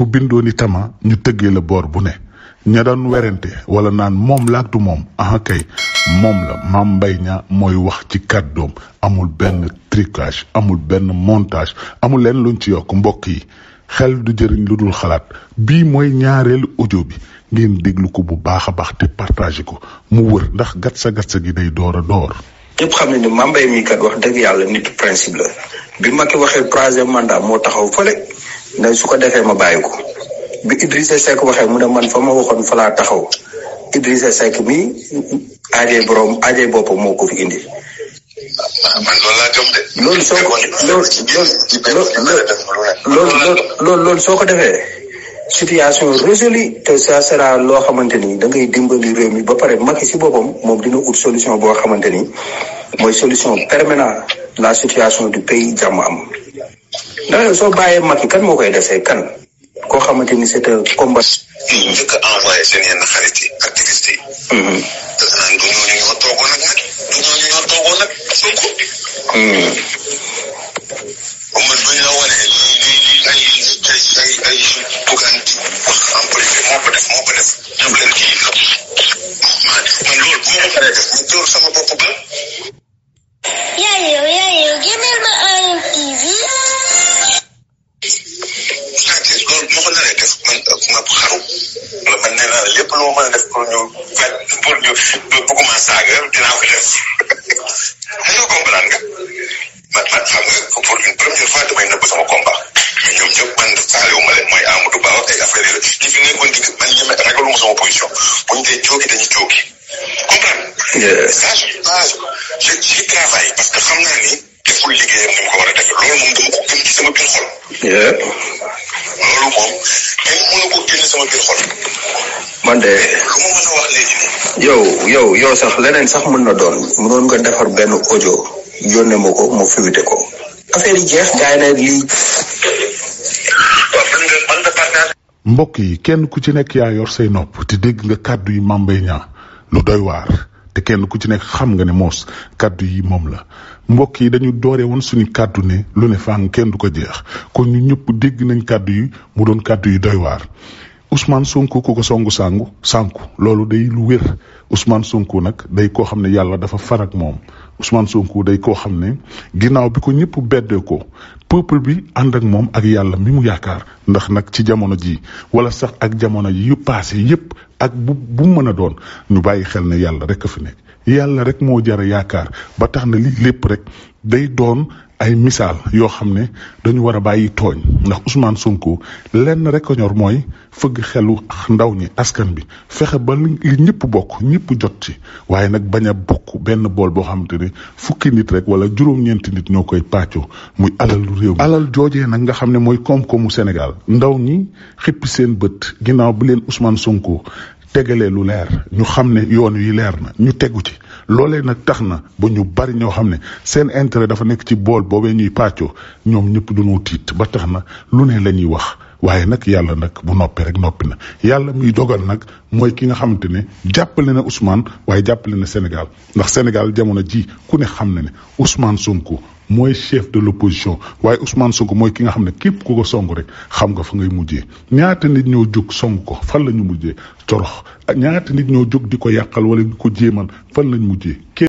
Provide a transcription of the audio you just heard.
ku bindoo ni tama ñu tëggee la boor bu ne ña doon werante wala naan moom laatu moom ah moom la maam mbay Niang mooy wax ci kàddoom amul benn trucage amul benn montage amul leen luñ ci yokk mbokk yi xel du jëriñ lu dul xalaat bii mooy ñaareelu audio bi ngeen déglu ko bu baax a baax te partagé ko mu wër ndax gatsa gatsa gi day door a door. ñëpp xam ne ni Mame Mbaye mi kat wax dëgg yàlla nit principe la bi Macky waxee troisième mandat moo taxaw fële. ndax su ko defee ma bàyyi ko bi Idrissa Seck waxee mu ne man fa ma waxoon fa laa taxaw Idrissa Seck mi aajee boroom aajee boppam moo ko fi indi. man loolu soo ko defee situation résolue te loo xamante ni da ngay dimbali réew mi ba pare Macky si boppam moom dina ut solution boo xamante ni mooy solution permanente la situation du pays jàmm am. dana eh, soo bàyyee mag kan moo koy desee kan koo xamante ni c'est un combat. ñu njëkk lu ma mën a def pour ñu pour ñu bëgguma saaga dinaa ko def aywa comprendre nga man man xam nga pour une première fois damay nëbb sama combat mais ñoom ñëpp man faale wu ma leen mooy Amadou Ba ak ay affaire fi nekkoon di man ñeme ragaluma sama position bu ñu dee joogi dañuy joogi comprendre ça je a sama biir xol. loolu moom kenn mënu ko génne sama biir xol. man de. lu ma mën yow yow sax leneen sax mën na doon mënoon nga defar benn audio yónnee ma ko mu fuité ko. affaire yi kenn ku ci nekk yaa yor say nopp te dégg nga kàddu yi Mame Mbaye Niang lu doy waar. te kenn ku ci nekk xam nga ne moos kàddu yi moom la mbokk yi dañu doore woon suñu kàddu ne lu ne fàng kenn du ko jeex kon ñu ñëpp dégg nañ kàddu yi mu doon kàddu yi doy waar Ousmane Sonko ku ko songu sangu sànku loolu day lu wér Ousmane Sonko nag day koo xam ne yàlla dafa ak moom Ousmane sunku day koo xam ne ginnaaw bi ko ñëpp beddee ko peuple bi ànd ak moom ak yàlla mi mu yaakaar ndax nag ci jamono ji wala sax ak jamono yu paase yépp ak bu bu mën a doon ñu bàyyi xel ne yàlla rek a fi nekk yàlla rek moo jara yaakaar ba tax na lii lépp rek day doon ay misaal yoo xam ne dañu war a bàyyi tooñ ndax Ousmane Sonko lenn rek ñor mooy fëgg xelu ndaw ñi askan bi fexe ba li ñëpp bokk ñëpp jot ci waaye nag bañ a bokk benn bool boo xamante ne fukki nit rek wala juróom-ñeenti nit ñoo koy pàccoo muy alal lu réew mi. alal joojee nag nga xam ne mooy koom-koomu Sénégal ndaw ñi xippi seen bët ginnaaw bi leen Ousmane Sonko tegalee lu leer ñu xam ne yoon wi leer na ñu tegu ci loolee nag tax na bu ñu bari ñoo xam ne seen intérêt dafa nekk ci bool boobee ñuy pàccoo ñoom ñëpp duñu tiit ba tax na lu ne la ñuy wax waaye nag yàlla nag bu noppee rek noppi na yàlla muy dogal nag mooy ki nga xamante ne jàppale na Ousmane waaye jàppale na Sénégal ndax Sénégal jamono ji ku ne xam na ne Ousmane Sonko mooy chef de l'opposition waaye Ousmane Sonko mooy ki nga xam ne képp ku ko songu rek xam nga fa ngay mujjee ñaata nit ñoo jóg song ko fan la ñu mujjee torox ñaata nit ñoo jóg di ko yàqal wala di ko jéemal fan lañ mujje